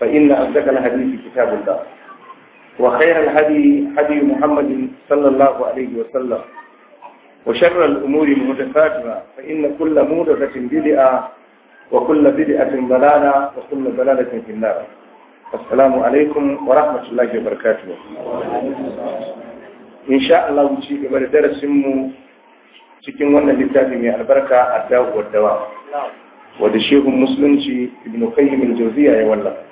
فإن أصدق الحديث كتاب الله وخير الهدي هدي محمد صلى الله عليه وسلم وشر الأمور محدثاتها فإن كل محدثة بدعة وكل بدعة ضلالة وكل ضلالة في النار السلام عليكم ورحمة الله وبركاته إن شاء الله وشيء بعد درس cikin wannan littafi mai albarka a dawo dawa wadda shehun musulunci ibn qayyim al-jawziya ya wallafa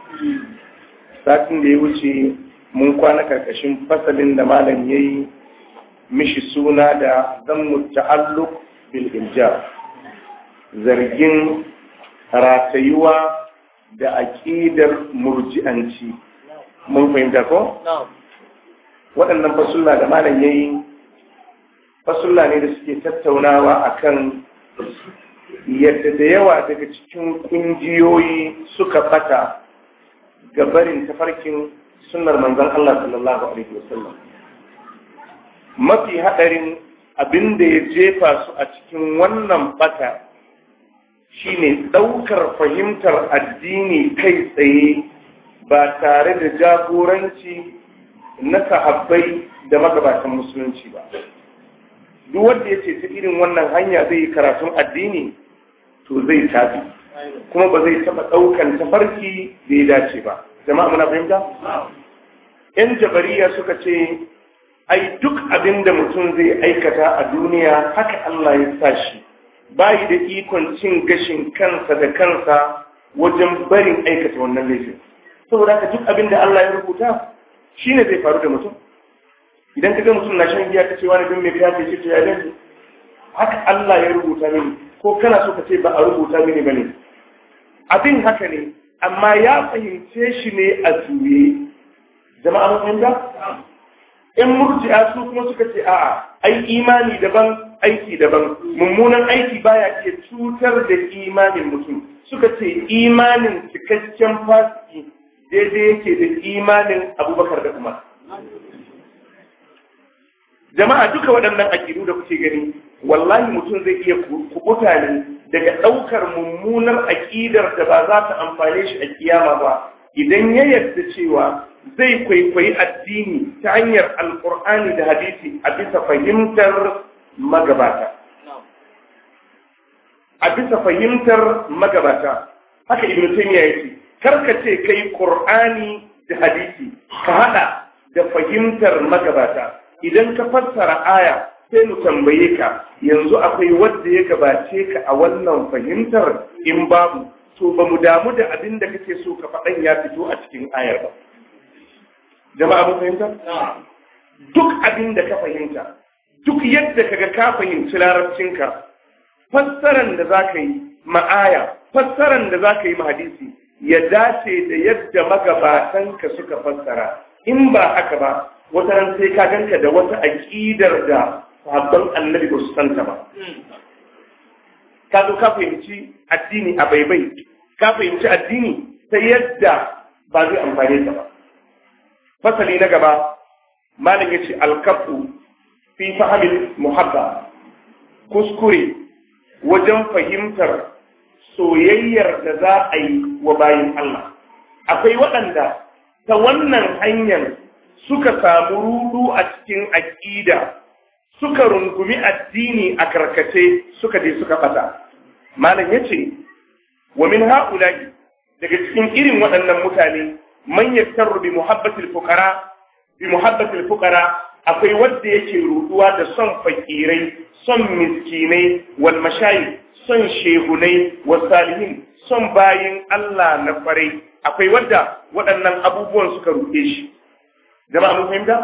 satin da ya wuce mun kwana karkashin fasalin da malam ya yi mishi suna da zan ta'alluq bil iljar zargin ratayuwa da aƙidar murji'anci mun fahimta ko? waɗannan fasulla da malam ya yi fasulla ne da suke tattaunawa a kan? yadda da yawa daga cikin ƙungiyoyi suka fata ga barin tafarkin sunnar manzon Allah sallallahu alaihi wasallam mafi hadarin abin da ya jefa su a cikin wannan bata shine daukar fahimtar addini kai tsaye ba tare da jagoranci na sahabbai da magabatan musulunci ba duk wanda ya ce ta irin wannan hanya zai yi karatun addini to zai tafi kuma ba zai taɓa ɗaukan tafarki da ya dace ba jama'a muna fahimta yan jabariya suka ce ai duk abin da mutum zai aikata a duniya haka Allah ya sa shi bayi da ikon cin gashin kansa da kansa wajen barin aikata wannan laifin saboda haka duk abin da Allah ya rubuta Shi ne zai faru da mutum idan ka ga mutum na shan giya ka ce wani don me ce ya dace haka Allah ya rubuta mini ko kana so ka ce ba a rubuta mini ba ne? abin haka ne amma ya fahimce shi ne a zuwe jama'a mun fahimta in murji'a su kuma suka ce a'a ai imani daban aiki daban mummunan aiki baya ke cutar da imanin mutum suka ce imanin cikakken fasiki daidai yake da imanin abubakar da kuma jama'a duka waɗannan akidu da kuke gani wallahi mutum zai iya kubuta ne daga ɗaukar mummunar aƙidar da ba za ta amfane shi a kiyama ba idan ya yarda cewa zai kwaikwayi addini ta hanyar alƙur'ani da hadisi a bisa fahimtar magabata a bisa fahimtar magabata haka ibn taymiya yake karka ce kai ƙur'ani da hadisi ka haɗa da fahimtar magabata idan ka fassara aya sai mu tambaye ka yanzu akwai wanda ya gabace ka a wannan fahimtar in babu to ba mu damu da abin da kake so ka faɗan ya fito a cikin ayar ba jama'a mun fahimta duk abin da ka fahimta duk yadda kaga ka fahimci larabcinka fassaran da za ka yi ma'aya fassaran da za ka yi hadisi ya dace da yadda magabatanka suka fassara in ba haka ba wata ran sai ka ganka da wata aƙidar da sahabban annabi ba su santa ba hmm. kazo ka fahimci addini a baibai ka fahimci addini ta yadda ba zai amfani ta ba fasali na gaba malam ya ce alkafu fi fahimin muhabba kuskure wajen fahimtar soyayyar da za a yi wa bayan Allah. Akwai waɗanda ta wannan hanyar suka samu rudu a cikin aƙida suka rungumi addini a karkace suka je suka fata malam ya ce wa min haula'i daga cikin irin waɗannan mutane manyan yaktaru bi muhabbatil fukara, bi muhabbatil fukara akwai wadda yake ruduwa da son fakirai son miskinai wal mashayi son shehunai wa salihin son bayin Allah na kwarai akwai wadda waɗannan abubuwan suka ruɗe shi jama'a mun fahimta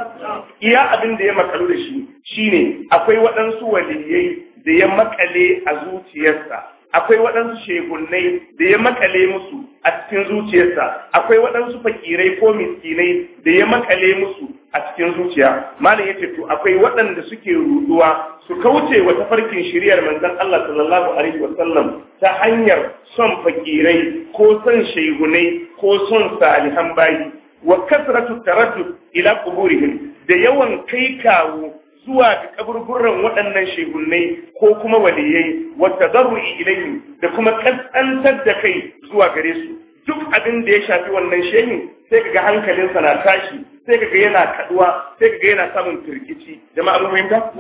iya abin da ya makalu da shi shine akwai waɗansu waliyai da ya makale a zuciyarsa akwai waɗansu shegunnai da ya makale musu a cikin zuciyarsa akwai waɗansu fakirai ko miskinai da ya makale musu a cikin zuciya malam yace to akwai waɗanda suke ruduwa su kauce wa tafarkin shiriyar manzon Allah sallallahu alaihi wasallam ta hanyar son fakirai ko son shegunai ko son salihan bayi wa kasratu taraddud ila quburihim da yawan kai kawo zuwa ga kaburburan waɗannan shehunnai ko kuma waliyai wa tadarru'i ilayhim da kuma kaskantar da kai zuwa gare su duk abin da ya shafi wannan shehin sai kaga hankalinsa na tashi sai kaga yana kaduwa sai kaga yana samun turkici jama'a mun fahimta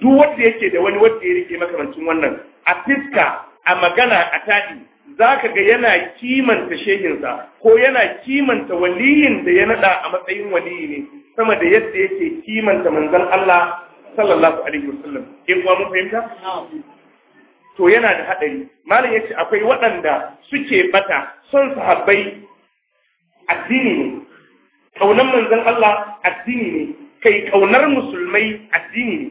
duk wanda yake da wani wanda ya rike makamancin wannan a fiska a magana a tadi za ka ga yana kimanta shehinsa ko yana kimanta waliyin da ya nada a matsayin waliyi ne sama da yadda yake kimanta manzan Allah sallallahu alaihi wasallam in kuwa mun fahimta to yana da haɗari malam yace akwai waɗanda suke bata son sahabbai addini ne kaunar manzan Allah addini ne kai kaunar musulmai addini ne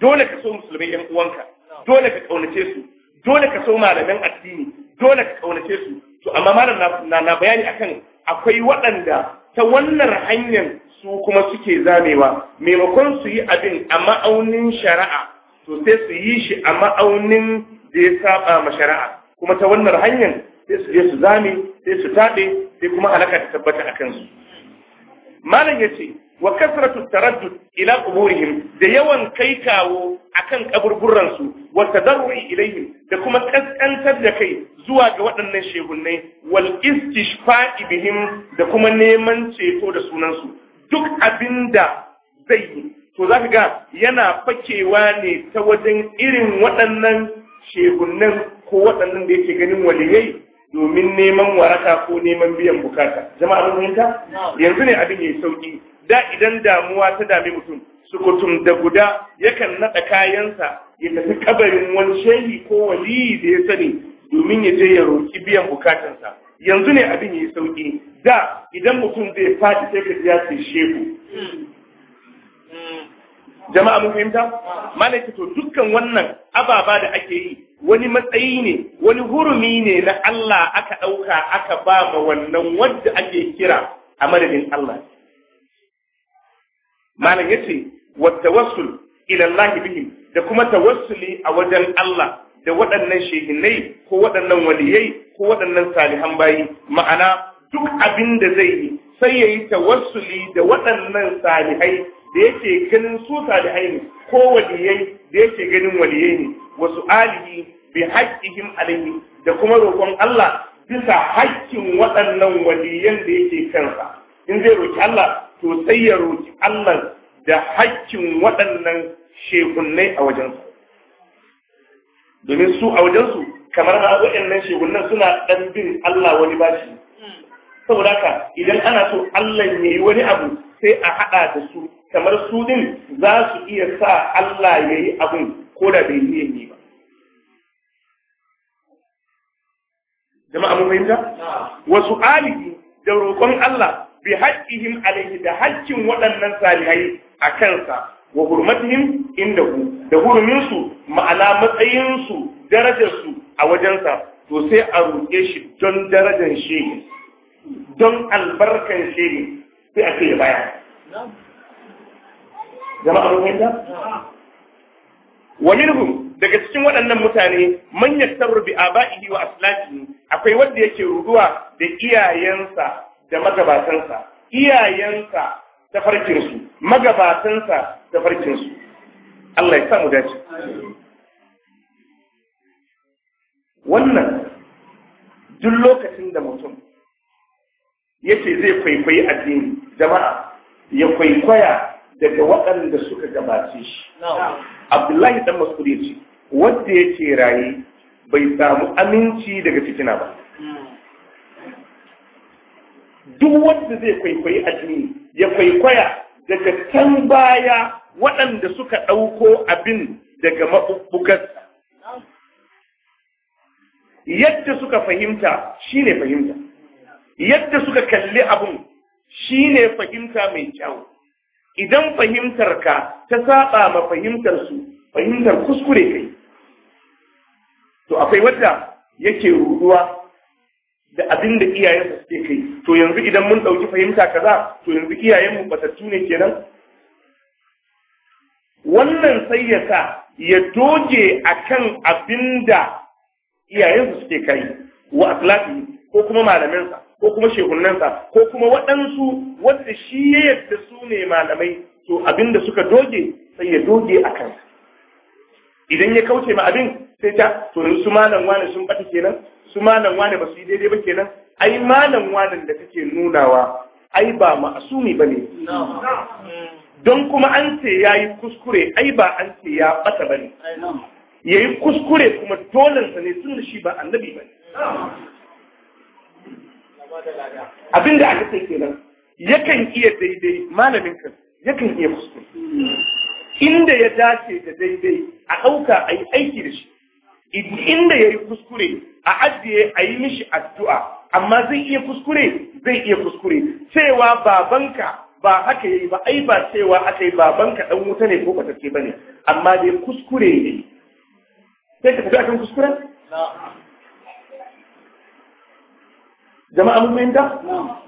dole ka so musulmai yan uwanka dole ka kaunace su dole ka so malaman addini dole ka kaunace su to amma malam na na bayani akan akwai waɗanda ta wannan hanyar su kuma suke zamewa maimakon su yi abin a ma'aunin shari'a to sai su yi shi a ma'aunin da ya saba ma shari'a kuma ta wannan hanyar sai su je su zame sai su taɓe sai kuma halaka ta tabbata a kansu malam ya ce wa kasratu taraddud ila quburihim da yawan kai kawo akan kan su wa tadarru ilaihim da kuma kaskantar da kai zuwa ga waɗannan shegunnai wal istishfa'i bihim da kuma neman ceto da sunan su duk abinda zai yi to zaka ga yana fakewa ne ta wajen irin waɗannan shegunnan ko waɗannan da yake ganin waliyai domin neman waraka ko neman biyan bukata jama'a mun yanzu ne abin yayi sauki da idan damuwa ta dami mutum sukutum da guda yakan naɗa kayansa ya tafi kabarin wani shehi ko waliyi da ya sani domin ya je ya roƙi biyan bukatansa yanzu ne abin yi sauki. da idan mutum zai faɗi sai ka ya ce shehu jama'a mun fahimta malaka to dukkan wannan ababa da ake yi wani matsayi ne wani hurumi ne na Allah aka ɗauka aka ba ma wannan wanda ake kira a madadin Allah malam yace wa tawassul ila Allah bihim da kuma tawassuli a wajen Allah da waɗannan shehinai ko waɗannan waliyai ko waɗannan salihan bayi ma'ana duk abin da zai yi sai ya yi tawassuli da waɗannan salihai da yake ganin su salihai ne ko waliyai da yake ganin waliyai ne wasu alihi bi haqqihim alaihi da kuma roƙon Allah bisa haƙƙin waɗannan waliyan da yake kansa in zai roki Allah to sai ya roki Allah da haƙƙin waɗannan shekunnai a wajensu. domin su a wajensu kamar ma waɗannan shekunnan suna ɗan bin Allah wani bashi saboda haka idan ana so Allah ya yi wani abu sai a haɗa da su kamar su din za su iya sa Allah ya yi abin ko da bai yi yi ba. Jama'a mun fahimta? Wasu alibi da roƙon Allah bi haqqihim alayhi da haƙƙin waɗannan salihai a kansa wa hurmatihim indahu da hurminsu ma'ana matsayinsu su a wajensa to sai a roƙe shi don darajar shehi don albarkan shehi sai a ce baya jama'a da? wa minhum daga cikin waɗannan mutane man yaktaru bi aba'ihi wa aslafihi akwai wanda yake ruduwa da iyayensa da magabatansa iyayensa da farkinsu magabatansa da farkinsu Allah ya samu dace wannan duk lokacin da mutum yace zai kwaikwayi addini jama'a ya kwaikwaya daga waɗanda suka gabace shi Abdullahi dan masudi yace wanda yake raye bai samu aminci daga fitina ba duk wanda zai kwaikwayi a jini ya kwaikwaya daga can baya waɗanda suka ɗauko abin daga maɓuɓɓugarsa. Yadda suka fahimta shi ne fahimta, yadda suka kalli abin shi ne fahimta mai kyau. Idan fahimtarka ta saba ma fahimtarsu, fahimtar kuskure kai. To akwai wadda yake ruduwa da abin da iyayensa suke kai, to yanzu idan mun ɗauki fahimta kaza to yanzu iyayenmu batattu ne kenan wannan sai ya sa ya doge a kan abin da iyayensu suke kai wa ko kuma malaminsa ko kuma shehunansa ko kuma waɗansu wanda shi ya yadda su ne malamai to abin da suka doge sai ya doge a kan. idan ya kauce ma abin sai ta to su malam wane sun ɓata kenan su malam wane ba su yi daidai ba kenan ai malam wanan da kake nunawa ai ba ma'asumi bane don kuma an ce yayi kuskure ai ba an ce ya bata bane yayi kuskure kuma dolansa ne tun da shi ba annabi bane abinda aka sai kenan yakan iya daidai malamin kan yakan iya kuskure inda ya dace da daidai a ɗauka a yi aiki da shi inda ya yi kuskure a ajiye a yi mishi addu'a amma zai iya kuskure zai iya kuskure cewa babanka ba haka yi ba ai ba cewa aka yi babanka dan wuta ne ko batacce bane amma dai kuskure ne sai ka tafi akan kuskure jama'a mun da,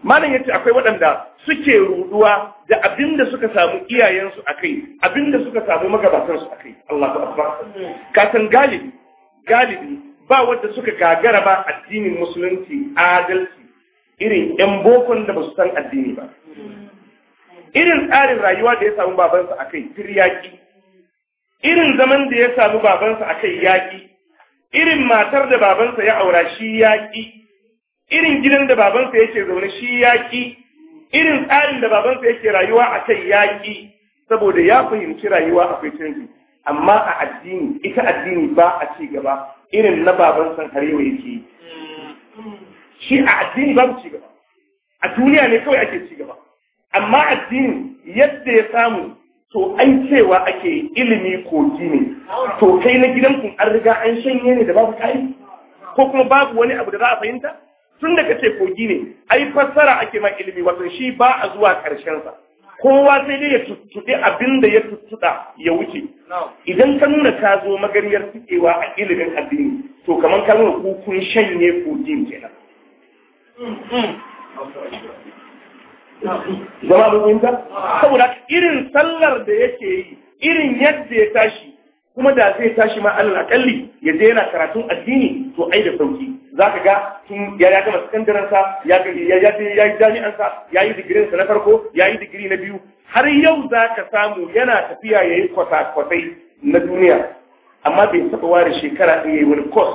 malam yace akwai waɗanda suke ruduwa da abinda suka samu iyayensu akai abinda suka samu magabatansu akai Allahu akbar ka san galibi galibi ba wadda suka gagara ba addinin musulunci adalci irin yan bokon da ba su san addini ba irin tsarin rayuwa da ya samu babansa a kai fir yaƙi irin zaman da ya samu babansa a kai yaƙi irin matar da babansa ya aura shi yaƙi irin gidan da babansa yake zaune shi yaƙi irin tsarin da babansa yake rayuwa a kai yaƙi saboda ya fahimci rayuwa akwai canji amma a addini ita addini ba a ci gaba irin na baban san harewa yake yi shi a addini babu ci gaba a duniya ne kawai ake ci gaba amma addini yadda ya samu to an cewa ake ilimi kogi ne to kai na gidanku an riga an shanye ne da babu kai ko kuma babu wani abu da za a fahimta tun da ce kogi ne ai fassara ake ma ilimi wato shi ba a zuwa karshen sa kowa sai dai ya tuttuɗi abin da ya tuttuɗa ya wuce idan ka nuna ka zo magariyar fitewa a ilimin addini to kamar ka nuna ku kun shanye kogin kenan zama ba fahimta saboda irin sallar da yake yi irin yadda ya tashi kuma da zai tashi ma alal akalli ya yana karatun addini to ai da sauki za ka ga sun ya ya gama sakandaransa ya yi jami'ansa ya yi digirinsa na farko ya yi digiri na biyu har yau za ka samu yana tafiya ya yi kwasa-kwasai na duniya amma bai taɓa ware shekara ɗaya yi wani kos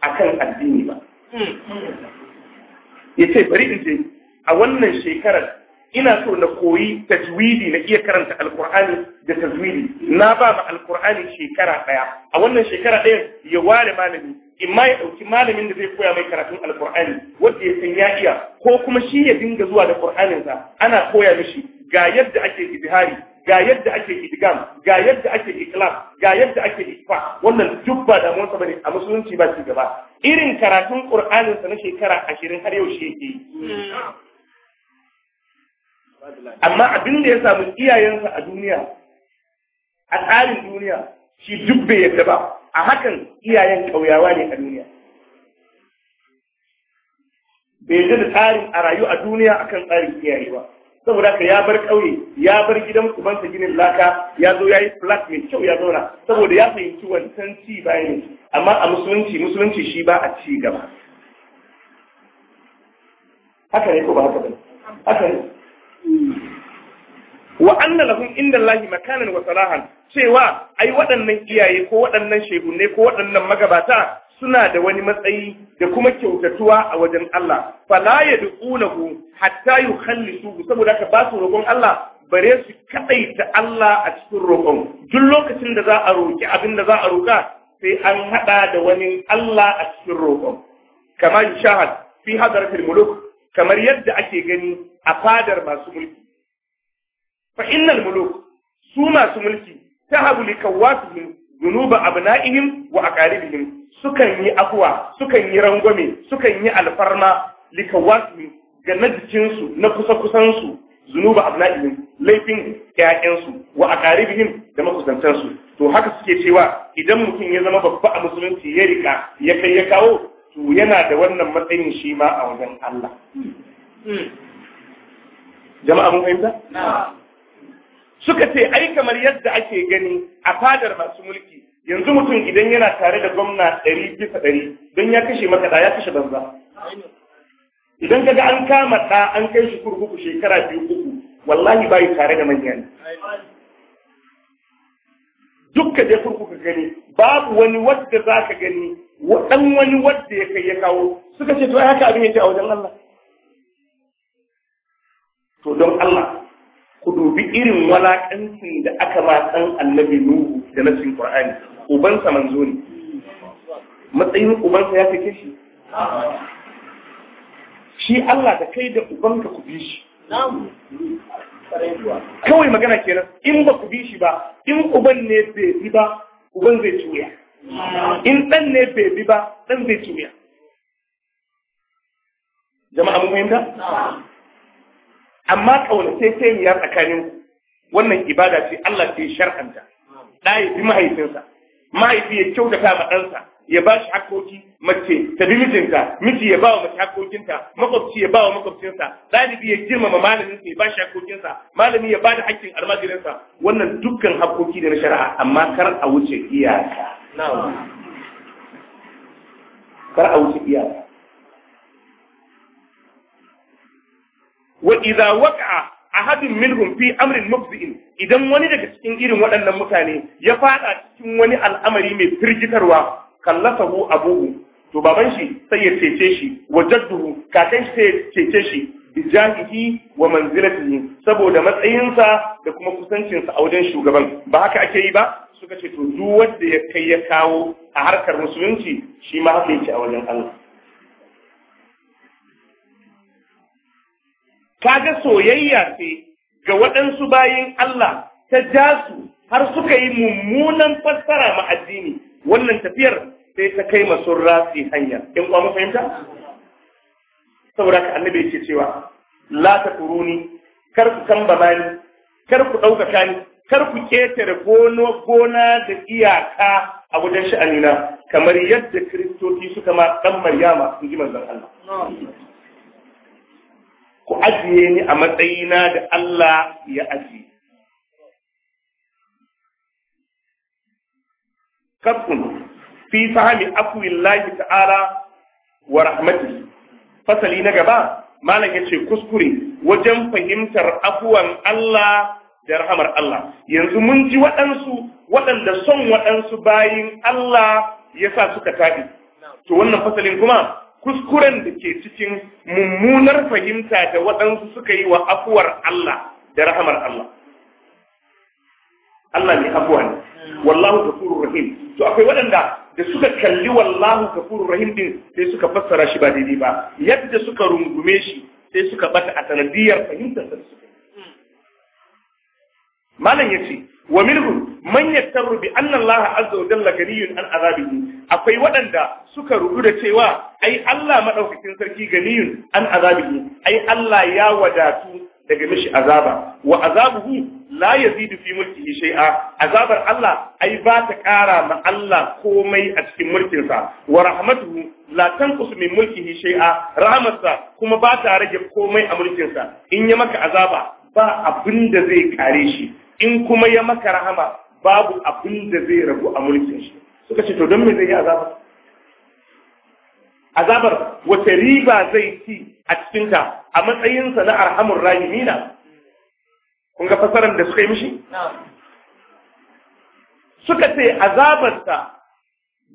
a kan addini ba hmm. ya ce bari in je a wannan shekarar ina so na koyi tajwidi na iya karanta alkur'ani da tajwidi na ba ma alkur'ani shekara daya a wannan shekara ɗayan ya ware malami ma ya ɗauki malamin da zai koya mai karatun alkur'ani wanda ya san ya iya ko kuma shi ya dinga zuwa da sa ana koya mishi ga yadda ake ibihari ga yadda ake idgam ga yadda ake ikhlas ga yadda ake ifa wannan duk ba damuwar ba bane a musulunci ba ci gaba irin karatun qur'anin sa na shekara 20 har yau shi yake yi amma abin da ya samu iyayensa a duniya a tsarin duniya shi duk bai yadda ba a hakan iyayen ƙauyawa ne a duniya bai yadda da tsarin a rayu a duniya akan tsarin iyaye ba saboda ka ya bar ƙauye ya bar gidan ubansa ginin laka ya zo ya yi flat mai kyau ya zauna saboda ya fahimci wancan ci bayan amma a musulunci musulunci shi ba a ci gaba haka ne ko ba haka ba haka ne wa anna lahum inda Allahi makanan wa salahan cewa ai waɗannan iyaye ko waɗannan shehunne ko waɗannan magabata suna da wani matsayi da kuma kyautatuwa a wajen Allah fala yad'unahu hatta yukhallisu saboda haka ba su roƙon Allah bare su da Allah a cikin roƙon duk lokacin da za a roƙi abin da za a roƙa sai an haɗa da wani Allah a cikin roƙon Kamar shahad fi hadaratul muluk kamar yadda ake gani a fadar masu mulki fa innal muluk su masu mulki tahabu li kawasihim zunuba abna'ihim wa aqaribihim sukan yi akwa, sukan yi rangwame sukan yi alfarma li kawasihim ga na jikinsu na kusa su zunuba abna'ihim laifin ƴaƴansu wa aqaribihim da su to haka suke cewa idan mutum ya zama babba a musulunci ya rika ya kai ya kawo to yana da wannan matsayin shi ma a wajen Allah hmm. Hmm. jama'a mun fahimta suka ce ai kamar yadda ake gani a fadar masu mulki yanzu mutum idan yana tare da gwamna ɗari bisa ɗari don ya kashe maka ɗa ya kashe banza idan kaga an kama ɗa an kai shi kurkuku shekara biyu uku wallahi bayi tare da manya duk ka je kurkuku gani babu wani wadda za ka gani ɗan wani wadda ya kai ya kawo suka ce to haka abin yake a wajen Allah to don Allah ku dubi irin walakancin da aka ba san annabi Nuhu da nasin Qur'ani ubansa manzo ne matsayin ubansa ya fike shi shi Allah da kai da ubanka ku bi shi kawai magana kenan in ba ku bi shi ba in uban ne bai bi ba uban zai tuya in dan ne bai bi ba dan zai tuya jama'a mun fahimta amma sai-sai ƙaunace tsakanin wannan ibada ce Allah ke shar'anta ya bi mahaifinsa mahaifi ya kyautata ma ɗansa ya ba shi hakkoki mace ta bi mijinta miji ya ba wa mace hakokinta, makwabci ya ba wa makwabcinsa ɗalibi ya girmama malamin ya ba shi hakokinsa. malami ya ba da hakkin almajirinsa wannan dukkan hakoki da na shari'a amma kar a wuce iyaka kar a wuce iyaka wa idza a ahadun minhum fi amrin mufzi'in idan wani daga cikin irin waɗannan mutane ya faɗa cikin wani al'amari mai firgitarwa kallasahu abuhu to baban shi sai ya cece shi wa jadduhu kakan shi sai ya cece shi bi jahihi wa manzilatihi saboda matsayinsa da kuma kusancinsa a wajen shugaban ba haka ake yi ba suka ce to duk wanda ya kai ya kawo a harkar musulunci shi ma haka yake a wajen Allah kaga soyayya ce ga waɗansu bayin Allah ta ja su har suka yi mummunan fassara ma addini wannan tafiyar sai ta kai masu ratsi hanya in kwa fahimta saboda ka annabi ce cewa la ta ni kar ku kambama ni kar ku ɗaukaka ni kar ku ketare gona da iyaka a wajen sha'anina kamar yadda kiristoci suka ma ɗan maryama in ji manzon Allah ku ajiye ni a matsayina da Allah ya ajiye. Kafin fi fahami afuwillahi ta'ala wa rahmatu Fasali na gaba, malam ya ce kuskure wajen fahimtar afuwan Allah da rahamar Allah. Yanzu mun ji waɗansu waɗanda son waɗansu bayin Allah ya sa suka tafi. To wannan fasalin kuma kuskuren da ke cikin mummunar fahimta da waɗansu suka yi wa afuwar Allah da rahamar Allah. Allah ne afuwa ne, wallahu kafurur rahim. To akwai waɗanda da suka kalli wallahu kafurur rahim din sai suka fassara shi ba daidai ba, yadda suka rungume shi sai suka bata a sanadiyar fahimtar da suka Malam ya ce, wa minhum man yattaru bi anna Allah azza wa jalla ganiyun an azabihi akwai waɗanda suka rudu da cewa ai Allah madaukakin sarki ganiyun an azabihi ai Allah ya wadatu daga mishi azaba wa azabuhu la yazidu fi mulkihi shay'a azabar Allah ai ba ta kara ma Allah komai a cikin mulkin sa wa rahmatuhu la tanqus min mulkihi shay'a rahmatsa kuma ba ta rage komai a mulkin sa in ya maka azaba ba abin da zai kare shi in kuma ya maka rahama babu abin da zai rabu a mulkin shi suka ce to don me zai yi azaba azabar wace riba zai ci a cikinta a matsayinsa na arhamun rahimina kun ga fasarar da suka yi mishi suka ce azabarsa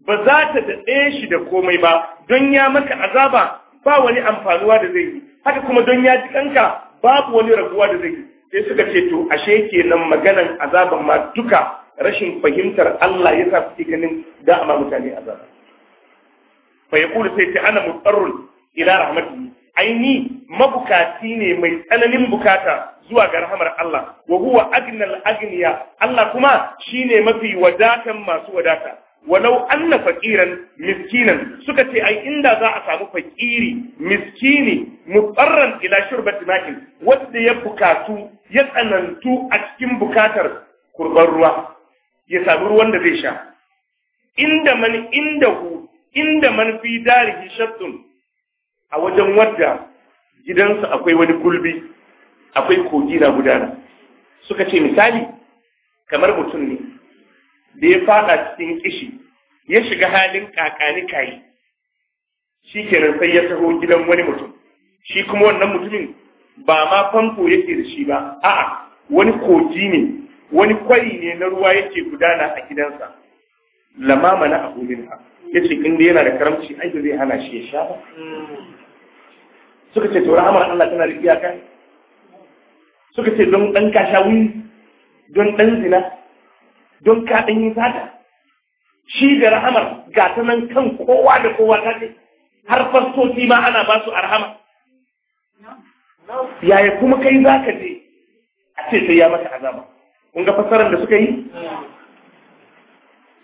ba za ta daɗe shi da komai ba don ya maka azaba ba wani amfanuwa da zai yi haka kuma don ya ji kanka babu wani rabuwa da zai yi sai suka ce to ashe kenan maganan azaban ma duka rashin fahimtar Allah ya sa kuke ganin da amma mutane azaba fa sai ta ana mutarrun ila rahmatihi aini mabukaci ne mai tsananin bukata zuwa ga rahamar Allah wa huwa agnal agniya Allah kuma shine mafi wadatan masu wadata walau anna faqiran miskinan suka ce ai inda za a samu fakiri miskini mutsarran ila shurbati makin wanda ya bukatu ya tsanantu a cikin bukatar kurban ruwa ya samu ruwan da zai sha inda man indahu inda man fi darihi shabtun a wajen wadda gidansa akwai wani gulbi akwai kogi na gudana suka ce misali kamar mutum ne da ya fada cikin kishi ya shiga halin kakani kai shi kenan sai ya taho gidan wani mutum shi kuma wannan mutumin ba ma famfo yake da shi ba a'a wani kogi ne wani kwari ne na ruwa yake gudana a gidansa lamama na abu ya ce in dai yana da karamci ai zai hana shi ya sha ba suka ce to rahamar Allah tana da iyaka suka ce don ɗan ka don ɗan zina don ka ɗan yi sata shi da rahamar ga ta nan kan kowa da kowa ta ce har fastoci ma ana ba su Rahama? yaya kuma kai za ka je a ce sai ya maka azaba kun ga fasarar da suka yi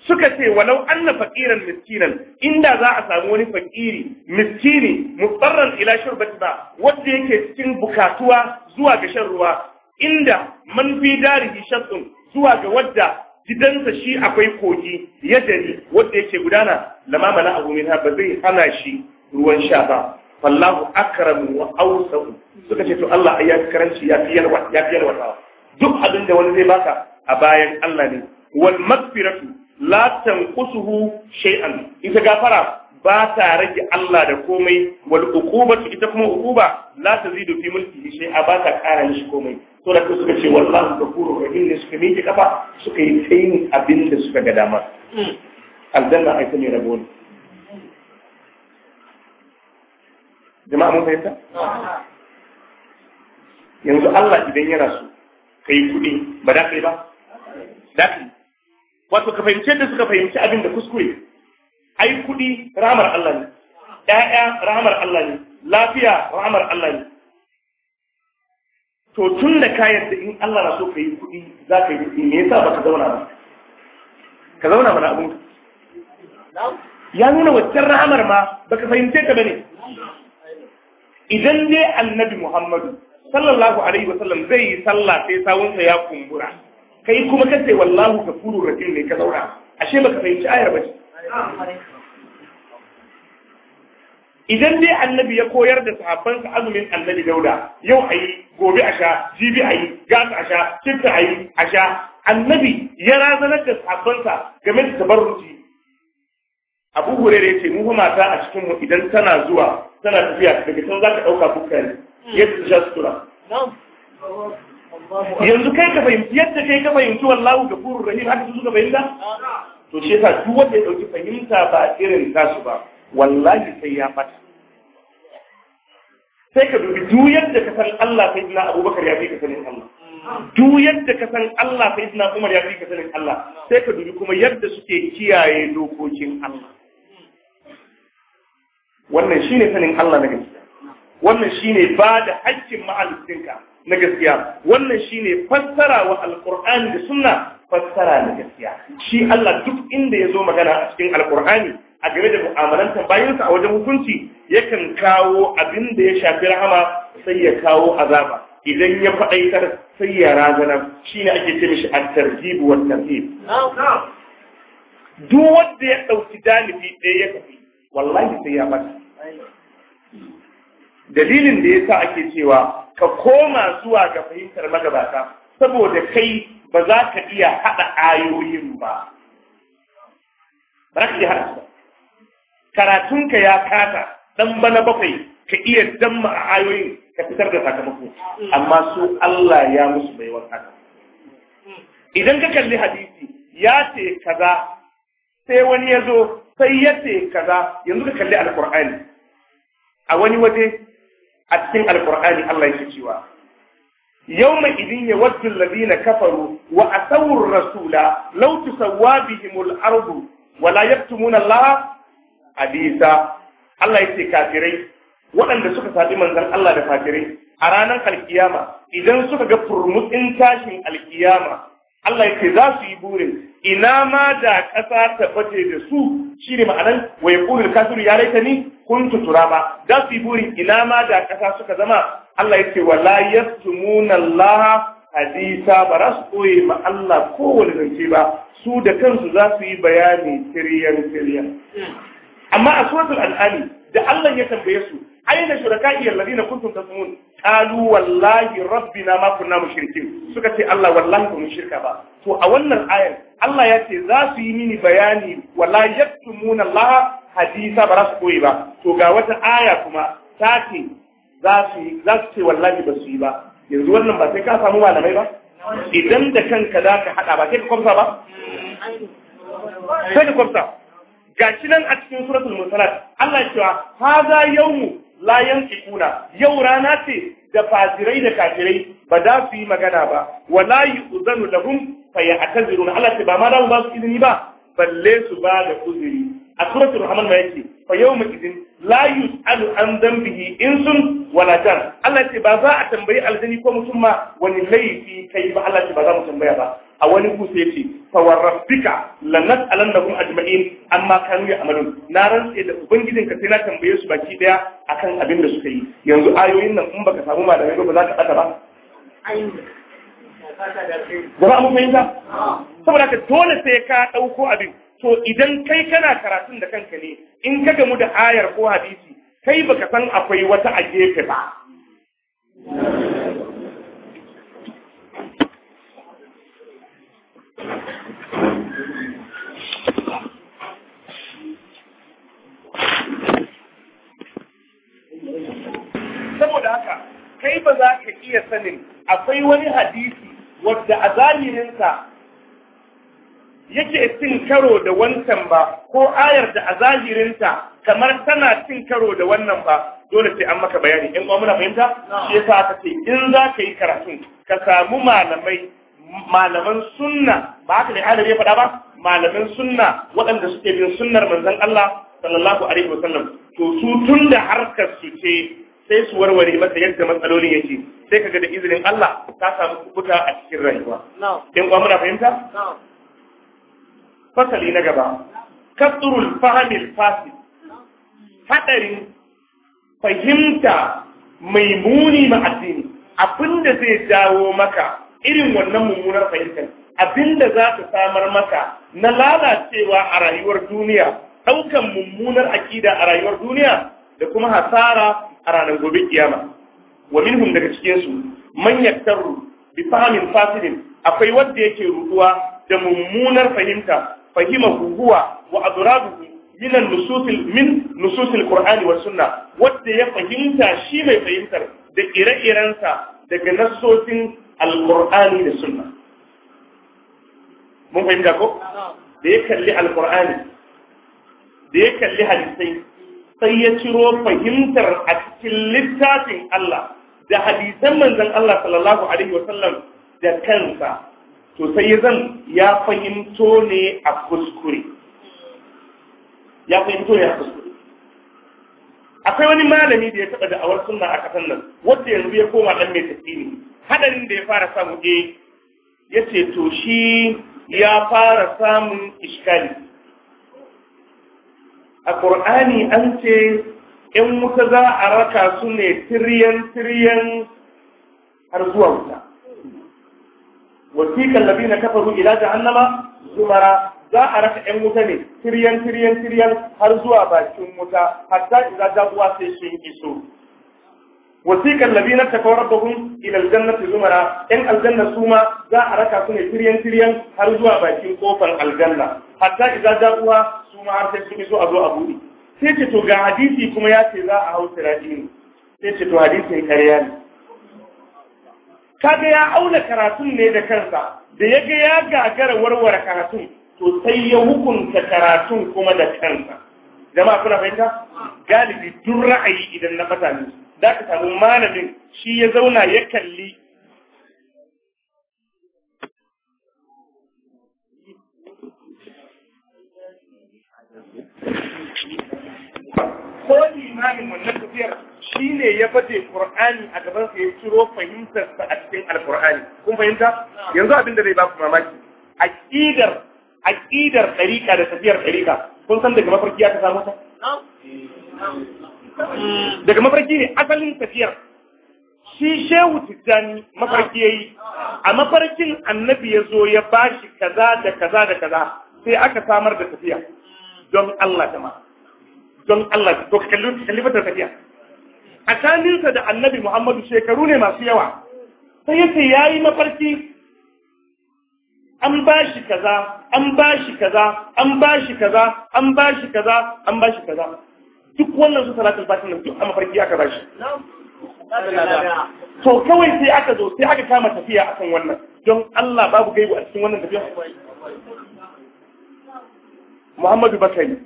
suka ce walau na faqiran miskinan inda za a samu wani fakiri miskini mutsarran ila shurbati ba wanda yake cikin bukatuwa zuwa ga shan ruwa inda man fi darihi shaddun zuwa ga wadda gidansa shi akwai kogi ya dari Wanda yake gudana lama mana abu min ba zai hana shi ruwan sha ba fallahu akramu wa awsau suka ce to Allah ya karanci ya fi yalwa ya fi yalwa duk abin da wani zai baka a bayan Allah ne wal magfiratu la tanqusuhu shay'an ita gafara ba ta rage Allah da komai wal uqubatu ita kuma uquba la tazidu fi mulkihi shay'a ba ta kara mishi komai to da suka ce wallahi gafuru wa ne suka miƙe kafa suka yi tayin abin da suka ga dama hmm. aljanna ai ta ne rabo ne jama'a mun fahimta yanzu Allah idan yana so kai kuɗi ba da kai ba da kai wato ka fahimci yadda suka fahimci abin da kuskure ai kuɗi ramar Allah ne ƴaƴa ramar Allah ne lafiya ramar Allah ne to tun da ka yarda in Allah na so ka yi kuɗi za ka yi kuɗi me yasa ba ka zauna ba ka zauna mana abin ya nuna waccan rahamar ma baka fahimce ka bane idan dai annabi Muhammadu sallallahu alaihi wasallam zai yi sallah sai sawunsa ya kumbura kai kuma ka ce wallahu gafurur rahim ne ka zauna ashe baka fahimci ayar ba idan dai annabi ya koyar da sahabbansa azumin annabi dauda yau ayi gobe a sha jibi a gasa a sha cinta a sha annabi ya razanar da sahabbansa game da tabarruci abu hurere ce mu mata a cikin mu idan tana zuwa tana tafiya daga can za ka ɗauka fuska ne yadda ta sha sutura yanzu kai ka fahimci yadda kai ka fahimci wallahu gafurur rahim haka su suka fahimta to shi yasa duk wanda ya dauki fahimta ba irin tasu ba wallahi sai ya fata sai ka dubi duk yadda ka san Allah sai dina Abubakar ya fi ka sanin Allah duk yadda ka san Allah sai dina Umar ya fi ka sanin Allah sai ka dubi kuma yadda suke kiyaye dokokin Allah wannan shine sanin Allah na gaskiya wannan shine ba da haƙƙin ma'alikinka na gaskiya wannan shine fassara wa alqur'ani da sunna fassara na gaskiya shi Allah duk inda yazo magana a cikin alqur'ani a game da mu'amalantar bayansa a wajen hukunci yakan kawo abin da ya shafi rahama sai ya kawo azaba idan ya faɗaitar sai ya razana shine ake ce mishi at-tarhib wa tarhib duk wanda ya ɗauki dalibi ɗaya ya tafi wallahi sai ya bata dalilin da yasa ake cewa ka koma zuwa ga fahimtar magabata saboda kai ba za ka iya haɗa ayoyin ba ba ka iya haɗa su karatunka ya kata ɗan bana bakwai ka iya damma a ayoyin ka fitar da sakamako amma su Allah ya musu bai wata. idan ka kalli hadisi ya ce kaza sai wani ya zo sai ya ce kaza yanzu ka kalli alkur'ani a wani waje a cikin alkur'ani Allah yake cewa yawma idin yawaddu alladhina kafaru wa asawur rasula law tusawwa bihimul ardu wa la yaktumuna Allah hadisa Allah yake kafirai waɗanda suka sabi manzon Allah da kafirai a ranar alkiyama idan suka ga furmutsin tashin alkiyama Allah yake za su yi burin ina ma da ƙasa ta bace da su shine ma'anar wai yaqulu kafiru ya laita ni tutura ba. za su yi burin ina ma da ƙasa suka zama Allah yake wala yastumuna Allah hadisa ba za su koye ma Allah kowane zance ba su da kansu za su yi bayani tiriyan tiriyan hmm. amma a suratul al'ani da Allah ya tambaye su aina shuraka'i alladhina kuntum tasmun qalu wallahi rabbina ma kunna mushrikin suka ce Allah wallahi ba mu shirka ba to a wannan ayar Allah ya ce za su yi mini bayani wala yaktumuna Allah hadisa ba za su koyi ba to ga wata aya kuma ta ce za su yi za su ce wallahi ba su yi ba yanzu wannan ba sai ka samu malamai ba idan da kanka za ka haɗa ba sai ka kwamsa ba sai ka kwamsa gashi nan a cikin suratul musalat Allah ya cewa hadha yawmu la kuna yau rana ce da fatirai da kafirai ba za su yi magana ba wala yu'zanu lahum fa ya'taziruna Allah ce ba ma da ba su izini ba balle su ba da uzuri a suratul rahman ma yake fa yawma idin la yus'alu an dhanbihi insun wala jan Allah ce ba za a tambayi aljani ko mutum ma wani laifi kai ba Allah ce ba za mu tambaya ba a wani kusa sai ce fawarrafika lanat alannakum ajma'in amma kanu ya na rantse da ubangijin ka sai na tambaye su baki daya akan abin da suka yi yanzu ayoyin nan in baka samu malamai ba za ka tsaka ba jama'a mun fahimta saboda ka dole sai ka ɗauko abin to idan kai kana karatun da kanka ne in ka gamu da ayar ko hadisi kai baka san akwai wata a gefe ba saboda haka kai ba za ka iya sanin akwai wani hadisi wadda a yake cin karo da wancan ba ko ayar da a zahirinta kamar tana cin karo da wannan ba dole sai an maka bayani in muna fahimta shi yasa aka ce in za ka yi karatun ka samu malamai malaman sunna ba haka da alibi ya faɗa ba malaman sunna waɗanda suke bin sunnar manzon Allah sallallahu alaihi wasallam to su da harkar su ce sai su warware masa yadda matsalolin yake sai kaga da izinin Allah ta samu kubuta a cikin rayuwa in kuwa muna fahimta fasali na gaba kasrul fahimil fasid hadarin fahimta mai muni ma addini abinda zai jawo maka irin wannan mummunar fahimtar abinda za ta samar maka na lalacewa a rayuwar duniya ɗaukan mummunar aƙida a rayuwar duniya da kuma hasara a ranar gobe kiyama wa minhum daga cikin su man bi fahmin fasidin akwai wanda yake ruduwa da mummunar fahimta fahima guguwa, wa adraduhu min nususil min nususil qur'ani sunna wanda ya fahimta shi mai fahimtar da ire-irensa daga nassosin alqur'ani da sunna mun fahimta ko da ya kalli alqur'ani da ya kalli hadisai sai ya ciro fahimtar a cikin littafin Allah da hadisan manzon Allah sallallahu alaihi wasallam da kansa to sai ya zan ya fahimto ne a kuskure ya fahimto ne a kuskure akwai wani malami da ya taɓa da'awar sunna a ƙasar nan wanda yanzu ya koma ɗan mai tafi ne hadarin da ya fara samu eh ya ce to shi ya fara samun iskali a ƙur'ani an ce ‘yan wuta za a raka su ne tiriyan-tiriyan har zuwa wuta wasiƙan labi na kafa kafaru ila Hannama, zumara za a raka ‘yan wuta ne tiriyan-tiriyan-tiriyan har zuwa bakin wuta hatta iza jabuwa sai sun iso wasiqan ladina takaw rabbahum ila aljannati zumara in aljanna suma za a raka su ne tiryan tiryan har zuwa bakin kofar aljanna hatta idza ja'uha suma har sai sun zo a a buɗe sai ce ga hadisi kuma ya ce za a hau sirati ne sai ce to hadisin ƙarya ne kaga ya auna karatun ne da kansa da ya ga ya gagara warware karatun to sai ya hukunta karatun kuma da kansa jama'a kuna fahimta galibi duk ra'ayi idan na fata da ka samu malamin shi ya zauna ya kalli ko limamin wannan tafiyar shi ne ya fate Qur'ani a gaban ya ciro fahimtar sa a cikin kun fahimta yanzu abin da zai ba ku mamaki aqidar aqidar ɗariƙa da tafiyar ɗariƙa, kun san daga mafarki ya ta samu ta daga mafarki ne asalin tafiyar shi shehu tijjani mafarki ya yi. a mafarkin annabi ya zo ya ba shi kaza da kaza da kaza sai aka samar da tafiya don Allah da ma don Allah to kalli kalli ta tafiya tsakaninsa da annabi Muhammadu shekaru ne masu yawa sai yace yi mafarki an ba shi kaza an ba shi kaza an ba shi kaza an ba shi kaza an ba shi kaza duk wannan su salatul fatin nan duk a mafarki aka ba shi. to kawai sai aka zo sai aka kama tafiya akan wannan don Allah babu gaibu a cikin wannan tafiya Muhammadu Bakari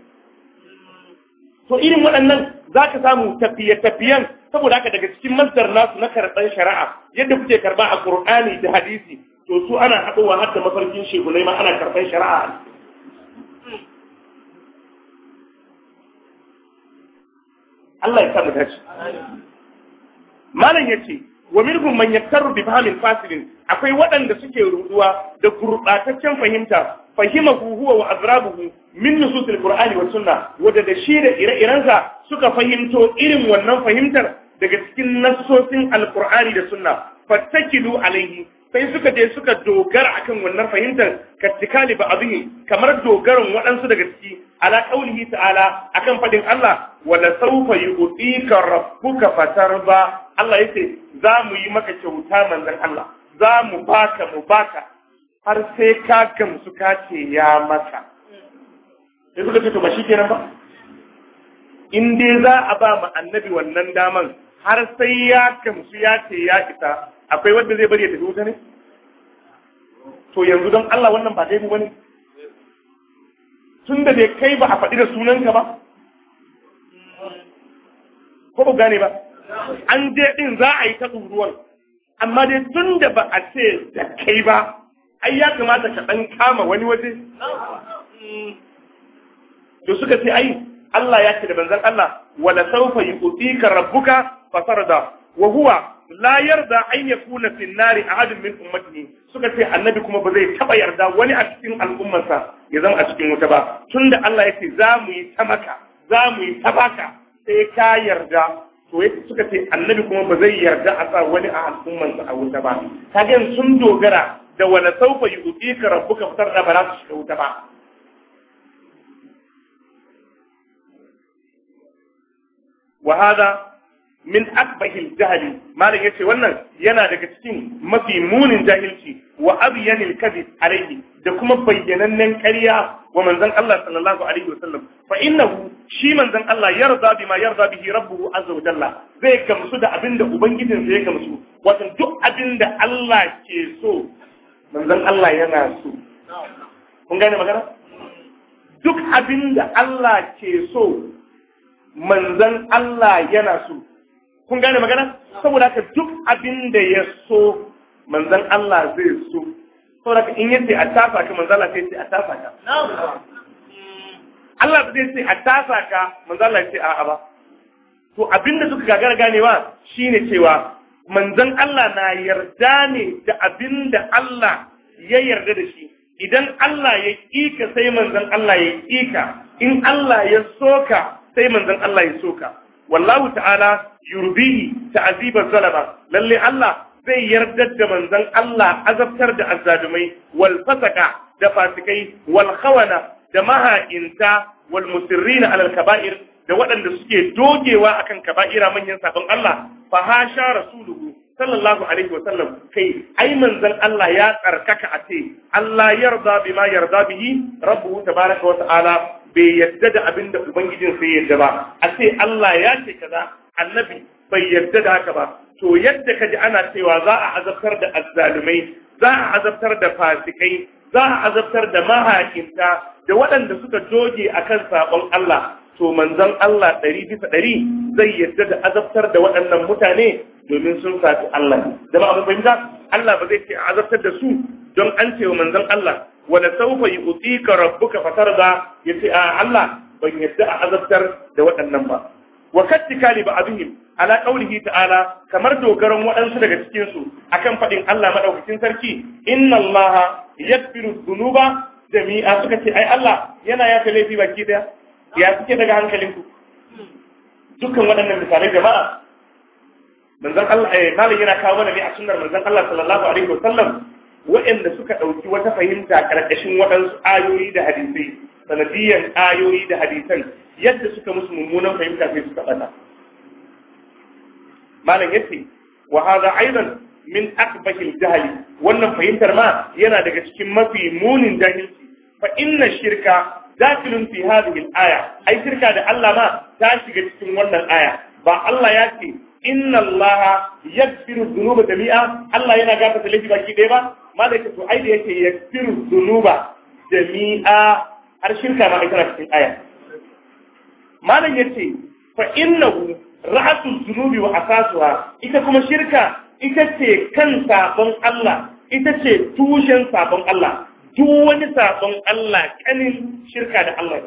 to irin waɗannan za ka samu tafiye-tafiyen saboda haka daga cikin masdar nasu na karɓar shari'a yadda kuke karɓa a Qur'ani da hadisi to su ana haɗowa har da mafarkin shekulai ma ana karɓar shari'a Allah ya sa mu dace malam ce, wa minhum man yaktaru bi fahmin akwai waɗanda suke ruduwa da gurɓataccen fahimta fahimar huwa wa azrabuhu min nususil qur'ani wa sunna wanda da shi da ire-irensa suka fahimto irin wannan fahimtar daga cikin nassosin alqur'ani da sunna fattakilu alaihi sai suka je suka dogara akan wannan fahimtar kattikali ba abin kamar dogaran waɗansu daga ciki ala kaulihi ta'ala akan faɗin Allah wala sawfa yu'tika rabbuka fatarba Allah yace za mu yi maka kyauta manzon Allah za mu baka mu baka har sai ka gamsu ka ce ya maka sai suka ce to ba shikenan ba in dai za a ba mu annabi wannan daman har sai ya gamsu ya ce ya kita akwai wanda zai bari ya tafi wuta ne to yanzu don Allah wannan ba gaibu bane tunda bai kai ba a faɗi da sunanka ba ko ba gane ba an je din za a yi ta tsoruwan amma dai tunda ba a ce da kai ba ai ya kamata ka ɗan kama wani waje To suka ce ai Allah ya ce da banzan Allah wala saufa yu'tika rabbuka fasarda وهو لا يرضى yarda an في النار nari من min ummatihi suka ce annabi kuma ba zai taba yarda wani a cikin al'ummarsa ya zama a cikin wuta ba tunda Allah ya ce za mu yi ta maka za mu yi ta baka sai ka yarda to suka ce annabi kuma bazai yarda a sa wani a al'ummarsa a wuta ba kaga sun dogara da wala saufa yu'tika rabbuka fitar da ba za su shiga wuta ba hada min akbahil jahali malam yace wannan yana daga cikin mafi munin jahilci wa abyanil kadhib alayhi da kuma bayyanannen ƙarya wa manzon Allah sallallahu alaihi wasallam fa innahu shi manzon Allah yarda bima yarda bihi rabbuhu azza wa jalla zai gamsu da abinda ubangijinsa ya gamsu wato duk abinda Allah ke so manzon Allah yana so kun gane magana duk abinda Allah ke so manzon Allah yana so kun gane magana saboda haka duk abin da ya so manzan Allah zai so saboda haka in yace a tafa ka manzan Allah sai ce a tafa ka Allah zai ce a tafa ka manzan Allah sai a'a ba to abin da suka gagara ganewa shine cewa manzan Allah na yarda ne da abin da Allah ya yarda da shi idan Allah ya ƙika sai manzan Allah ya ƙika in Allah ya soka sai manzan Allah ya soka wallahu ta'ala yurbihi ta'ziban zalama lalle Allah zai yarda da manzon Allah azabtar da azzalumai wal fasaka da fasikai wal khawana da maha'inta wal musirrina alal kaba'ir da waɗanda suke dogewa akan kaba'ira manyan sabon Allah fa hasha rasuluhu sallallahu alaihi sallam kai ai manzon Allah ya tsarkaka a ce Allah yarda bima yarda bihi rabbuhu tabaraka wa ta'ala bai yarda da abin da ubangijin sai yadda ba a ce Allah ya ce kaza annabi bai yarda da haka ba to yadda ka ji ana cewa za a azabtar da azzalumai za a azabtar da fasikai za a azabtar da mahakinta da waɗanda suka a akan sabon Allah to manzon Allah ɗari bisa ɗari zai yarda da azabtar da waɗannan mutane domin sun safi Allah. Zama abin fahimta Allah ba zai ce azabtar da su don an ce wa manzon Allah wala sawfa yu'tika rabbuka Ya ce a Allah ban yadda a azabtar da waɗannan ba wa kattikali ba abihim ala ƙaunihi ta'ala kamar dogaron waɗansu daga cikinsu su akan faɗin Allah madaukakin sarki inna Allah yaghfiru dhunuba jami'a suka ce ai Allah yana yafe laifi baki ɗaya? ya suke daga hankalinku dukkan waɗannan misalai jama'a manzon Allah eh malam yana kawo mana ne a sunnar manzon Allah sallallahu alaihi Sallam). waɗanda suka ɗauki wata fahimta ƙarƙashin waɗansu ayoyi da hadisai sanadiyyar ayoyi da hadisan yadda suka musu mummunan fahimta sai suka ɓata malam yace wa hadha aidan min akbahil jahli wannan fahimtar ma yana daga cikin mafi munin jahilci fa inna shirka dakilun fi hadhihi al-aya ai shirka da Allah ma ta shiga cikin wannan aya ba Allah ya ce inna Allah yaghfiru dhunuba jami'a Allah yana gafarta laifi baki ɗaya ba malaka to ai ya yake yakfiru dhunuba jami'a har shirka ma ita cikin aya malam yace fa innahu ra'atu dhunubi wa asasuha ita kuma shirka ita ce kan sabon Allah ita ce tushen sabon Allah duk wani sabon Allah kanin shirka da Allah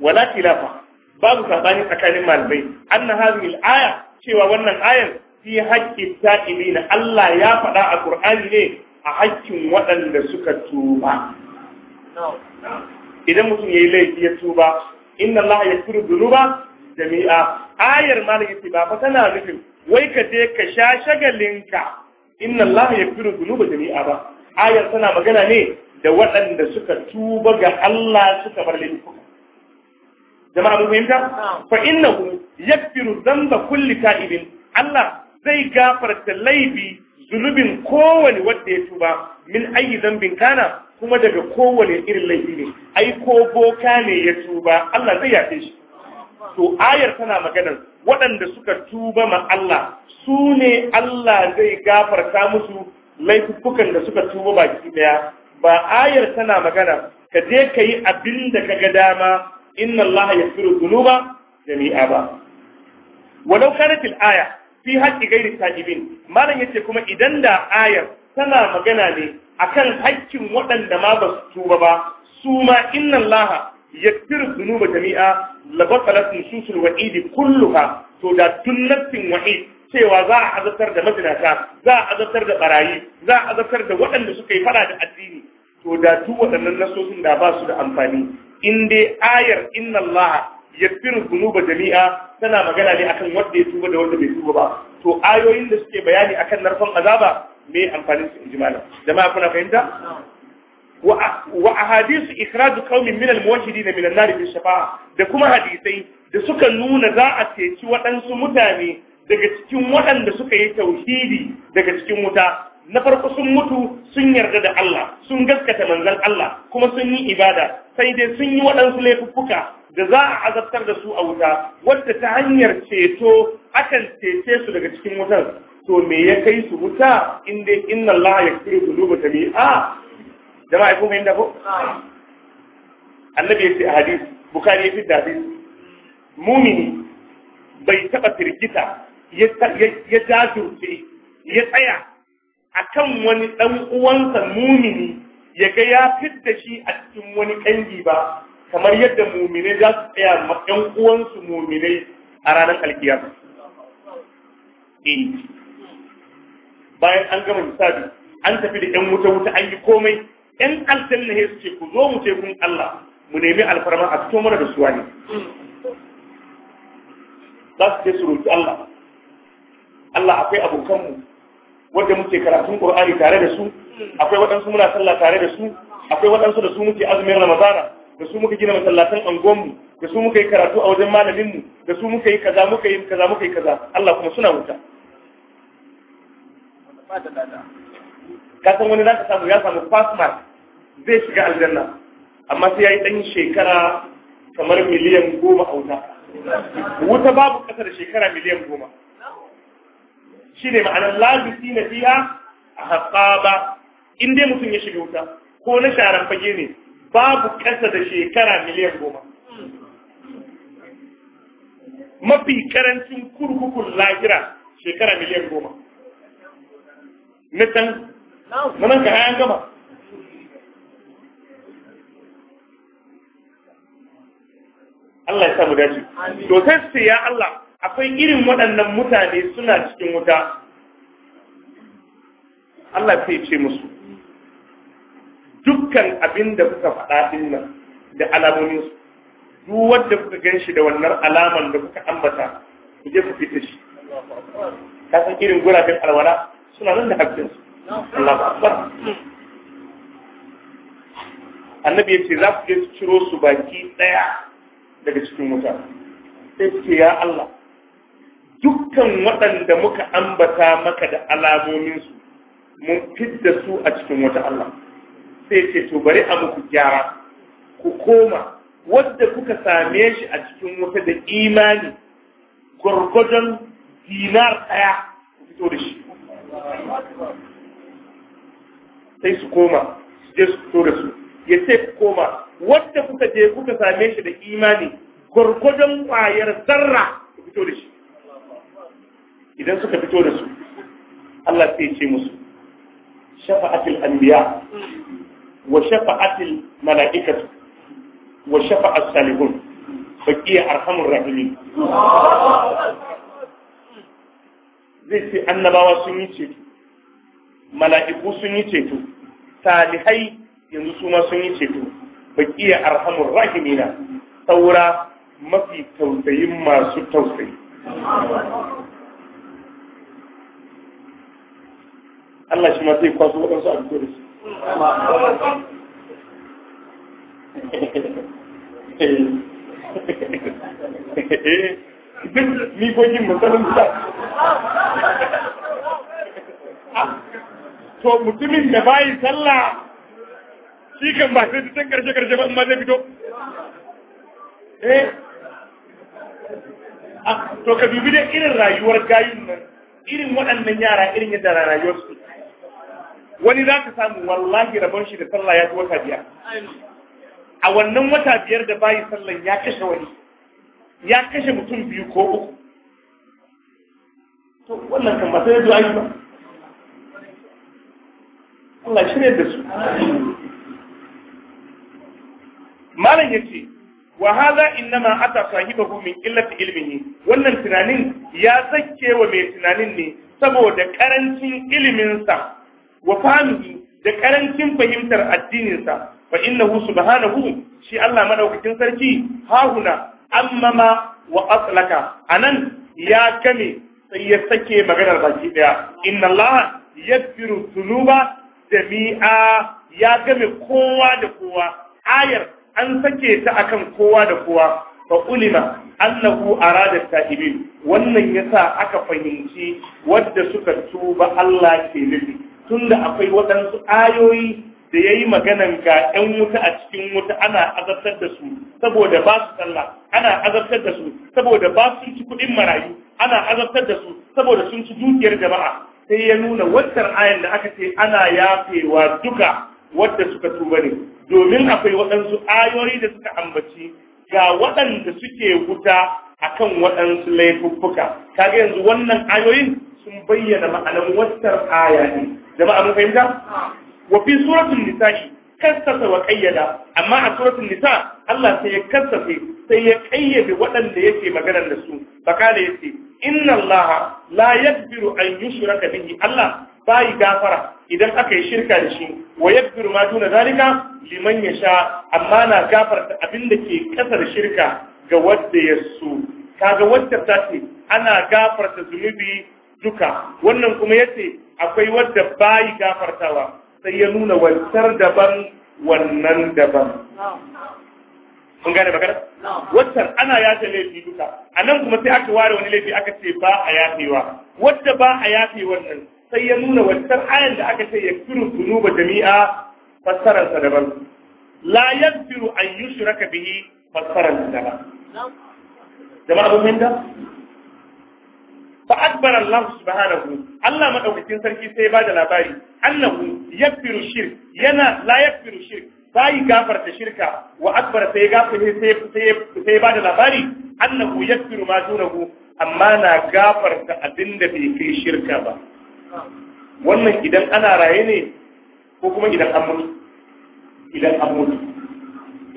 wala tilafa babu sabani tsakanin malamai anna hadhihi al-aya cewa wannan ayan fi haƙƙin ta'ibina Allah ya faɗa a Qur'ani ne a haƙƙin waɗanda suka tuba idan mutum ya yi laifi ya tuba inna Allah yaghfiru dhunuba jami'a ayar ma da yake ba fa tana nufin wai ka je ka sha shagalinka inna Allah yaghfiru dhunuba jami'a ba ayar tana magana ne da waɗanda suka tuba ga Allah suka bar laifuka jama'a mun fahimta fa innahu yaghfiru dhanba kulli ta'ibin Allah zai gafarta laifi zunubin kowane wanda ya tuba min ayi zambin kana kuma daga kowane irin laifi ne ai ko boka ne ya tuba Allah zai yafe shi to ayar tana maganar waɗanda suka tuba ma Allah su ne Allah zai gafarta musu laifukan da suka tuba baki daya ba ayar tana magana ka je ka yi abin da ka ga dama inna Allah ya firu zunuba jami'a ba walau kanatil aya fi haƙƙi gairi ta'ibin malam yace kuma idan da ayar tana magana ne akan haƙƙin waɗanda ma ba su tuba ba su ma inna Allah yaktir zunuba jami'a labatalat nususul wa'idi kulluha to da tunnatin wa'id cewa za a azabtar da mazinata za a azabtar da barayi za a azabtar da waɗanda suka yi fara da addini to da duk waɗannan nasosin da ba su da amfani in dai ayar inna Allah yakfiru zunuba jami'a tana magana ne akan wanda ya tuba da wanda bai tuba ba to ayoyin da suke bayani akan narkon azaba me amfanin su malam. jama'a kuna fahimta wa ahadisu ikhraju qaumin min al-muwahhidin min an-nar bi shafa'a da kuma hadisai da suka nuna za a ceci waɗansu mutane daga cikin waɗanda suka yi tauhidi daga cikin wuta na farko sun mutu sun yarda da Allah sun gaskata manzal Allah kuma sun yi ibada sai dai sun yi waɗansu laifuffuka da za a azabtar da su a wuta wadda ta hanyar ceto akan cece su daga cikin wutar to me ya kai su wuta in dai inna Allah ya kiri zuluba jami'a jama'a kuma fahimta ko annabi ya ce a hadisi bukari ya fi hadisi mumini bai taɓa firgita ya jajirce ya tsaya akan wani ɗan uwansa mumini ya ga ya fidda shi a cikin wani ƙangi ba kamar yadda muminai za su tsaya ma ɗan uwansu muminai a ranar alkiyama. Eh. Bayan an gama misali, an tafi da ‘yan wuta wuta an yi komai, ‘yan aljanna na su ce ku zo mu ce kun Allah mu nemi alfarma a fito mana da suwa ne. Za su ce su roƙi Allah. Allah akwai abokanmu wanda muke karatun Qur'ani tare da su akwai waɗansu muna sallah tare da su akwai waɗansu da su muke azumin Ramadana da su muka gina masallatan angonmu da su muka yi karatu a wajen malaminmu da su muka yi kaza muka yi kaza muka yi kaza Allah kuma suna wuta ka san wani zaka samu ya samu fast mark zai shiga aljanna amma sai yayi dan shekara kamar miliyan goma a wuta wuta babu kasa da shekara miliyan goma ne ma'anar labisi na fiya a haƙa in inda mutum ya shiga wuta ko na sharan fage ne babu ƙasa da shekara miliyan goma mafi karancin kurkukun lahira shekara miliyan goma na na nan ka hayan gama Allah ya samu dace to sai ya Allah akwai irin waɗannan mutane suna cikin wuta Allah sai ce musu dukkan abin da kuka faɗa ɗin nan da alamominsu duk wanda kuka gan shi da wannan alaman da kuka ambata ku je ku fita shi ka san irin gurabin alwala suna nan da haƙƙinsu Allah ba annabi ya ce za ku je su ciro su baki ɗaya daga cikin wuta sai ce ya Allah dukkan waɗanda muka ambata maka da alamominsu mun fidda su a cikin wata Allah sai ce to bari a muku gyara ku koma wadda kuka same shi a cikin wata da imani gwargwadon dinar ɗaya ku fito da shi sai su koma su je su fito da su ya ce ku koma wadda kuka je kuka same shi da imani gwargwadon ƙwayar zarra ku fito da shi idan suka fito da su Allah sai ce musu shafa'atul anbiya wa shafa'atul mala'ikatu wa shafa'at salihun faqiya arhamur rahimin zai ce annabawa sun yi ceto mala'iku sun yi ceto salihai yanzu su ma sun yi ceto baqiya arhamur rahimina saura mafi tausayin masu tausayi Allah shi ma zai kwaso waɗansu a fito da su duk mikokin musamman sa to mutumin da bayi sallah shi kan ba sai can karshe karshe ba in ma zai fito eh ah, to ka dubi da irin rayuwar gayin nan irin waɗannan yara irin yadda rayuwar su wani za ka samu wallahi rabon shi da sallah ya fi wata biyar a wannan wata biyar da bayi sallan ya kashe wani ya kashe mutum biyu ko uku to wannan kan ba yadda zuwa ba Allah shirya da su malam yace wa hadha innama ata sahibahu min illati ilmihi wannan tunanin ya zakke wa mai tunanin ne saboda karancin iliminsa wa fahmihi da ƙarancin fahimtar addininsa ba. innahu subhanahu shi Allah madaukakin sarki hahuna ammama wa aslaka anan ya game sai ya sake maganar baki ɗaya. inna Allah yaghfiru dhunuba jami'a ya game kowa da kowa ayar an sake ta akan kowa da kowa fa ulima annahu arada ta'ibin wannan yasa aka fahimci wadda suka tuba Allah ke nufi tunda akwai waɗansu ayoyi da ya yi maganan ga 'yan wuta a cikin wuta ana azabtar da su saboda ba su sallah ana azabtar da su saboda ba su ci kuɗin marayu ana azabtar da su saboda sun ci dukiyar jama'a sai ya nuna wancan ayan da aka ce ana yafewa duka wadda suka tuba ne domin akwai waɗansu ayoyi da suka ambaci ga waɗanda suke wuta akan waɗansu laifuffuka kaga yanzu wannan ayoyin sun bayyana ma'anar wancan aya ne jama'a mun fahimta wa fi suratul shi kassasa wa kayyada amma a suratul nisa Allah sai ya kassafe sai ya kayyade waɗanda yake maganar da su bakala yace inna Allah la yaghfiru an yushraka bihi Allah bai gafara idan aka yi shirka da shi wa yaghfiru ma duna zalika liman yasha amma na gafarta abin da ke kasar shirka ga wanda ya so kaga wacce ta ce ana gafarta zunubi duka wannan kuma yace akwai wadda bayi gafartawa sai ya nuna wancar daban wannan daban kun gane kada? Wancar ana yafe laifi duka a nan kuma sai aka ware wani laifi aka ce ba a yafewa wadda ba a yafe wannan sai ya nuna wancan ayan da aka ce ya firu ba jami'a fassararsa daban la yaghfiru an yushraka bihi fassararsa daban jama'a mun fahimta fa akbar Allah subhanahu Allah madaukakin sarki sai ba da labari annahu yakfiru shirk yana la yakfiru shirk sai gafarta shirka wa akbar sai gafarta sai sai ba da labari annahu yakfiru ma dunahu amma na gafarta abinda bai kai shirka ba wannan idan ana raye ne ko kuma idan an mutu idan an mutu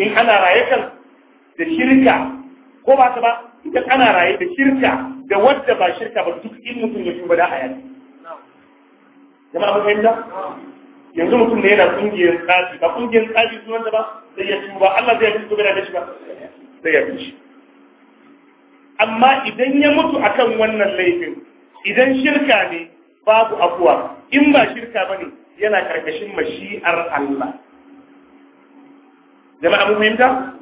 in ana raye kan da shirka ko ba ta ba idan ana raye da shirka da wadda ba shirka ba duk in mutum ya shugaba da hayati jama'a ba fahimta yanzu mutum ne yana kungiyar tsafi ba kungiyar tsafi sunan da ba sai ya tuba Allah zai ya tuba da shi ba zai ya shi amma idan ya mutu akan wannan laifin idan shirka ne babu afuwa in ba shirka ba ne yana karkashin mashi'ar Allah jama'a mun fahimta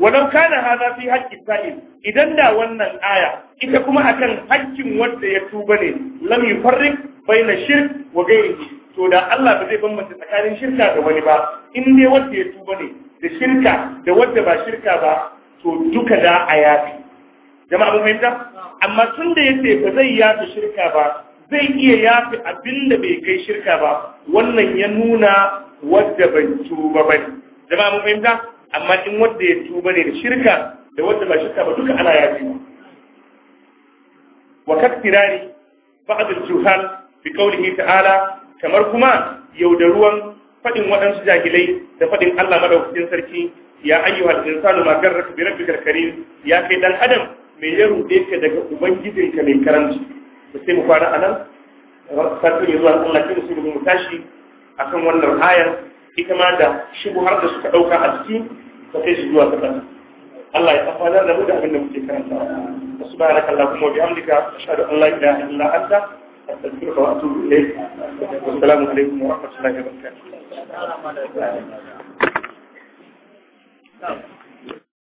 walau kana hada fi haƙƙi sa'il idan da wannan aya ita kuma akan haƙƙin wanda ya tuba ne lam yufarriq baina shirk wa ghairihi to da Allah ba zai bambanta tsakanin shirka da wani ba in dai wanda ya tuba ne da shirka da wanda ba shirka ba to duka da a yafi jama'a mun fahimta amma tun da yace ba zai yafi shirka ba zai iya yafi abinda bai kai shirka ba wannan ya nuna wanda ban tuba bane jama'a mun fahimta amma in wanda ya tuba ne da shirka da wanda ba shirka ba duka ana yafi wa kaktirani ba'd al-juhal bi qawlihi ta'ala kamar kuma yaudaruwan fadin waɗansu jahilai da fadin Allah madaukakin sarki ya ayyuhal insanu ma garraka bi rabbikal karim ya kai dan adam me ya rude ka daga ubangijinka mai karanci sai mu fara anan sai mu zuwa Allah kin su mu tashi akan wannan ayar ita ma da har da suka ɗauka a ciki ta kai shi zuwa ta Allah ya amfanar da mu da abin da muke karanta. karantawa subhanakallahumma wa bihamdika ashhadu an la ilaha illa anta التذكير وأتوب Assalamu والسلام wa rahmatullahi wa وبركاته